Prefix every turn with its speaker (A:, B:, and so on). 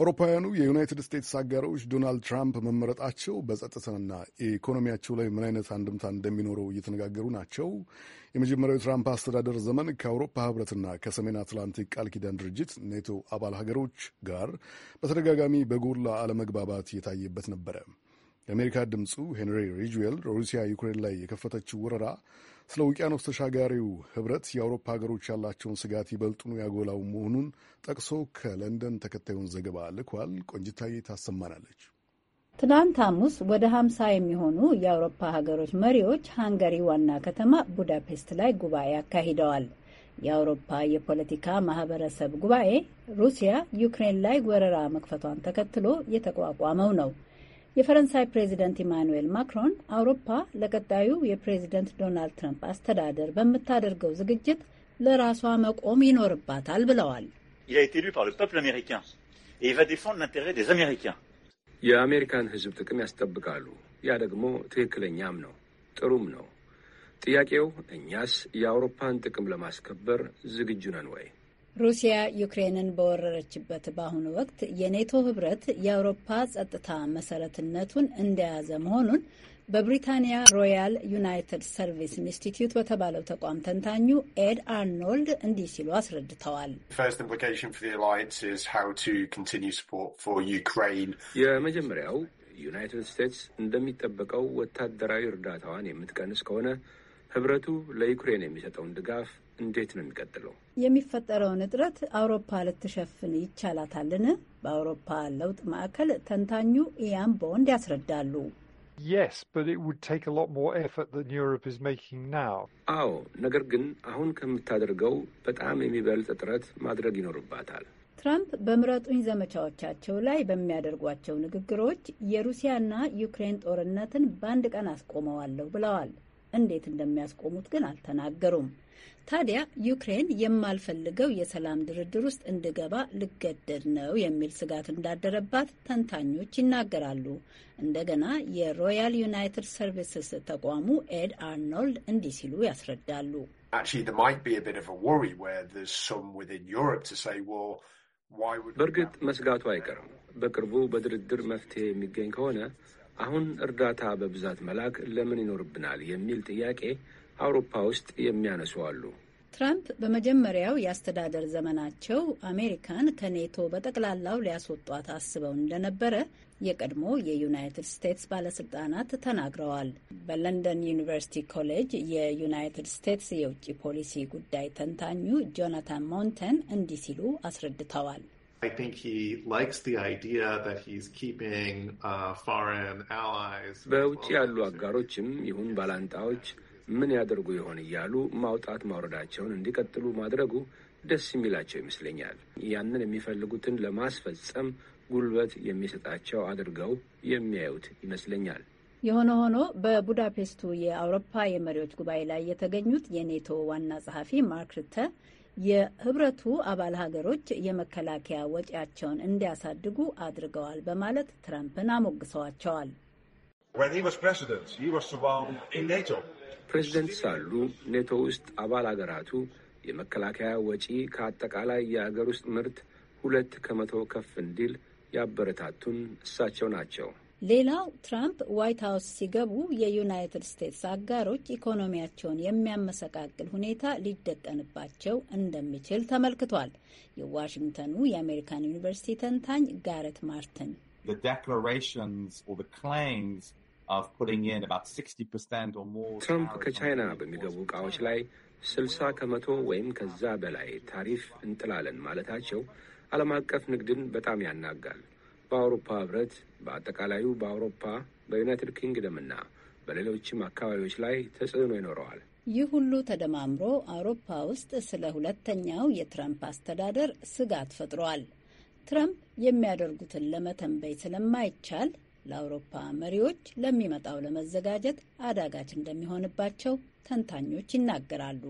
A: አውሮፓውያኑ የዩናይትድ ስቴትስ አጋሮች ዶናልድ ትራምፕ መመረጣቸው በጸጥታና ኢኮኖሚያቸው ላይ ምን አይነት አንድምታ እንደሚኖረው እየተነጋገሩ ናቸው። የመጀመሪያው የትራምፕ አስተዳደር ዘመን ከአውሮፓ ሕብረትና ከሰሜን አትላንቲክ ቃል ኪዳን ድርጅት ኔቶ አባል ሀገሮች ጋር በተደጋጋሚ በጎላ አለመግባባት የታየበት ነበረ። የአሜሪካ ድምፁ ሄንሪ ሪጅዌል ሩሲያ ዩክሬን ላይ የከፈተችው ወረራ ስለ ውቅያኖስ ተሻጋሪው ህብረት የአውሮፓ ሀገሮች ያላቸውን ስጋት ይበልጡኑ ያጎላው መሆኑን ጠቅሶ ከለንደን ተከታዩን ዘገባ ልኳል። ቆንጅታዬ ታሰማናለች።
B: ትናንት ሐሙስ ወደ ሀምሳ የሚሆኑ የአውሮፓ ሀገሮች መሪዎች ሃንገሪ ዋና ከተማ ቡዳፔስት ላይ ጉባኤ አካሂደዋል። የአውሮፓ የፖለቲካ ማህበረሰብ ጉባኤ ሩሲያ ዩክሬን ላይ ወረራ መክፈቷን ተከትሎ የተቋቋመው ነው። የፈረንሳይ ፕሬዚደንት ኢማኑኤል ማክሮን አውሮፓ ለቀጣዩ የፕሬዚደንት ዶናልድ ትራምፕ አስተዳደር በምታደርገው ዝግጅት ለራሷ መቆም ይኖርባታል ብለዋል።
A: የአሜሪካን ሕዝብ ጥቅም ያስጠብቃሉ። ያ ደግሞ ትክክለኛም ነው፣ ጥሩም ነው። ጥያቄው እኛስ የአውሮፓን ጥቅም ለማስከበር ዝግጁ ነን ወይ?
B: ሩሲያ ዩክሬንን በወረረችበት በአሁኑ ወቅት የኔቶ ህብረት የአውሮፓ ጸጥታ መሰረትነቱን እንደያዘ መሆኑን በብሪታንያ ሮያል ዩናይትድ ሰርቪስ ኢንስቲትዩት በተባለው ተቋም ተንታኙ ኤድ አርኖልድ እንዲህ ሲሉ አስረድተዋል።
A: የመጀመሪያው ዩናይትድ ስቴትስ እንደሚጠበቀው ወታደራዊ እርዳታዋን የምትቀንስ ከሆነ ህብረቱ ለዩክሬን የሚሰጠውን ድጋፍ እንዴት ነው የሚቀጥለው?
B: የሚፈጠረውን እጥረት አውሮፓ ልትሸፍን ይቻላታልን? በአውሮፓ ለውጥ ማዕከል ተንታኙ ኢያም ቦንድ ያስረዳሉ።
A: አዎ፣ ነገር ግን አሁን ከምታደርገው በጣም የሚበልጥ ጥረት ማድረግ ይኖርባታል።
B: ትራምፕ በምረጡኝ ዘመቻዎቻቸው ላይ በሚያደርጓቸው ንግግሮች የሩሲያና ዩክሬን ጦርነትን በአንድ ቀን አስቆመዋለሁ ብለዋል። እንዴት እንደሚያስቆሙት ግን አልተናገሩም። ታዲያ ዩክሬን የማልፈልገው የሰላም ድርድር ውስጥ እንድገባ ልገደድ ነው የሚል ስጋት እንዳደረባት ተንታኞች ይናገራሉ። እንደገና የሮያል ዩናይትድ ሰርቪስስ ተቋሙ ኤድ አርኖልድ እንዲህ ሲሉ ያስረዳሉ።
A: በእርግጥ መስጋቱ አይቀርም። በቅርቡ በድርድር መፍትሄ የሚገኝ ከሆነ አሁን እርዳታ በብዛት መላክ ለምን ይኖርብናል የሚል ጥያቄ አውሮፓ ውስጥ የሚያነሱ አሉ።
B: ትራምፕ በመጀመሪያው የአስተዳደር ዘመናቸው አሜሪካን ከኔቶ በጠቅላላው ሊያስወጧት አስበው እንደነበረ የቀድሞ የዩናይትድ ስቴትስ ባለስልጣናት ተናግረዋል። በለንደን ዩኒቨርሲቲ ኮሌጅ የዩናይትድ ስቴትስ የውጭ ፖሊሲ ጉዳይ ተንታኙ ጆናታን ሞንተን እንዲህ ሲሉ አስረድተዋል። I think he likes the idea that he's keeping uh, foreign allies. በውጭ
A: ያሉ አጋሮችም ይሁን ባላንጣዎች ምን ያደርጉ ይሆን እያሉ ማውጣት ማውረዳቸውን እንዲቀጥሉ ማድረጉ ደስ የሚላቸው ይመስለኛል። ያንን የሚፈልጉትን ለማስፈጸም ጉልበት የሚሰጣቸው አድርገው የሚያዩት ይመስለኛል።
B: የሆነ ሆኖ በቡዳፔስቱ የአውሮፓ የመሪዎች ጉባኤ ላይ የተገኙት የኔቶ ዋና ጸሐፊ ማርክ ርተ የህብረቱ አባል ሀገሮች የመከላከያ ወጪያቸውን እንዲያሳድጉ አድርገዋል በማለት ትራምፕን አሞግሰዋቸዋል።
A: ፕሬዚደንት ሳሉ ኔቶ ውስጥ አባል ሀገራቱ የመከላከያ ወጪ ከአጠቃላይ የአገር ውስጥ ምርት ሁለት ከመቶ ከፍ እንዲል ያበረታቱን እሳቸው ናቸው።
B: ሌላው ትራምፕ ዋይት ሀውስ ሲገቡ የዩናይትድ ስቴትስ አጋሮች ኢኮኖሚያቸውን የሚያመሰቃቅል ሁኔታ ሊደቀንባቸው እንደሚችል ተመልክቷል። የዋሽንግተኑ የአሜሪካን ዩኒቨርሲቲ ተንታኝ ጋረት ማርትን
A: ትራምፕ ከቻይና በሚገቡ እቃዎች ላይ ስልሳ ከመቶ ወይም ከዛ በላይ ታሪፍ እንጥላለን ማለታቸው ዓለም አቀፍ ንግድን በጣም ያናጋል። በአውሮፓ ህብረት፣ በአጠቃላዩ በአውሮፓ በዩናይትድ ኪንግደምና በሌሎችም አካባቢዎች ላይ ተጽዕኖ ይኖረዋል።
B: ይህ ሁሉ ተደማምሮ አውሮፓ ውስጥ ስለ ሁለተኛው የትራምፕ አስተዳደር ስጋት ፈጥሯል። ትራምፕ የሚያደርጉትን ለመተንበይ ስለማይቻል ለአውሮፓ መሪዎች ለሚመጣው ለመዘጋጀት አዳጋች እንደሚሆንባቸው ተንታኞች ይናገራሉ።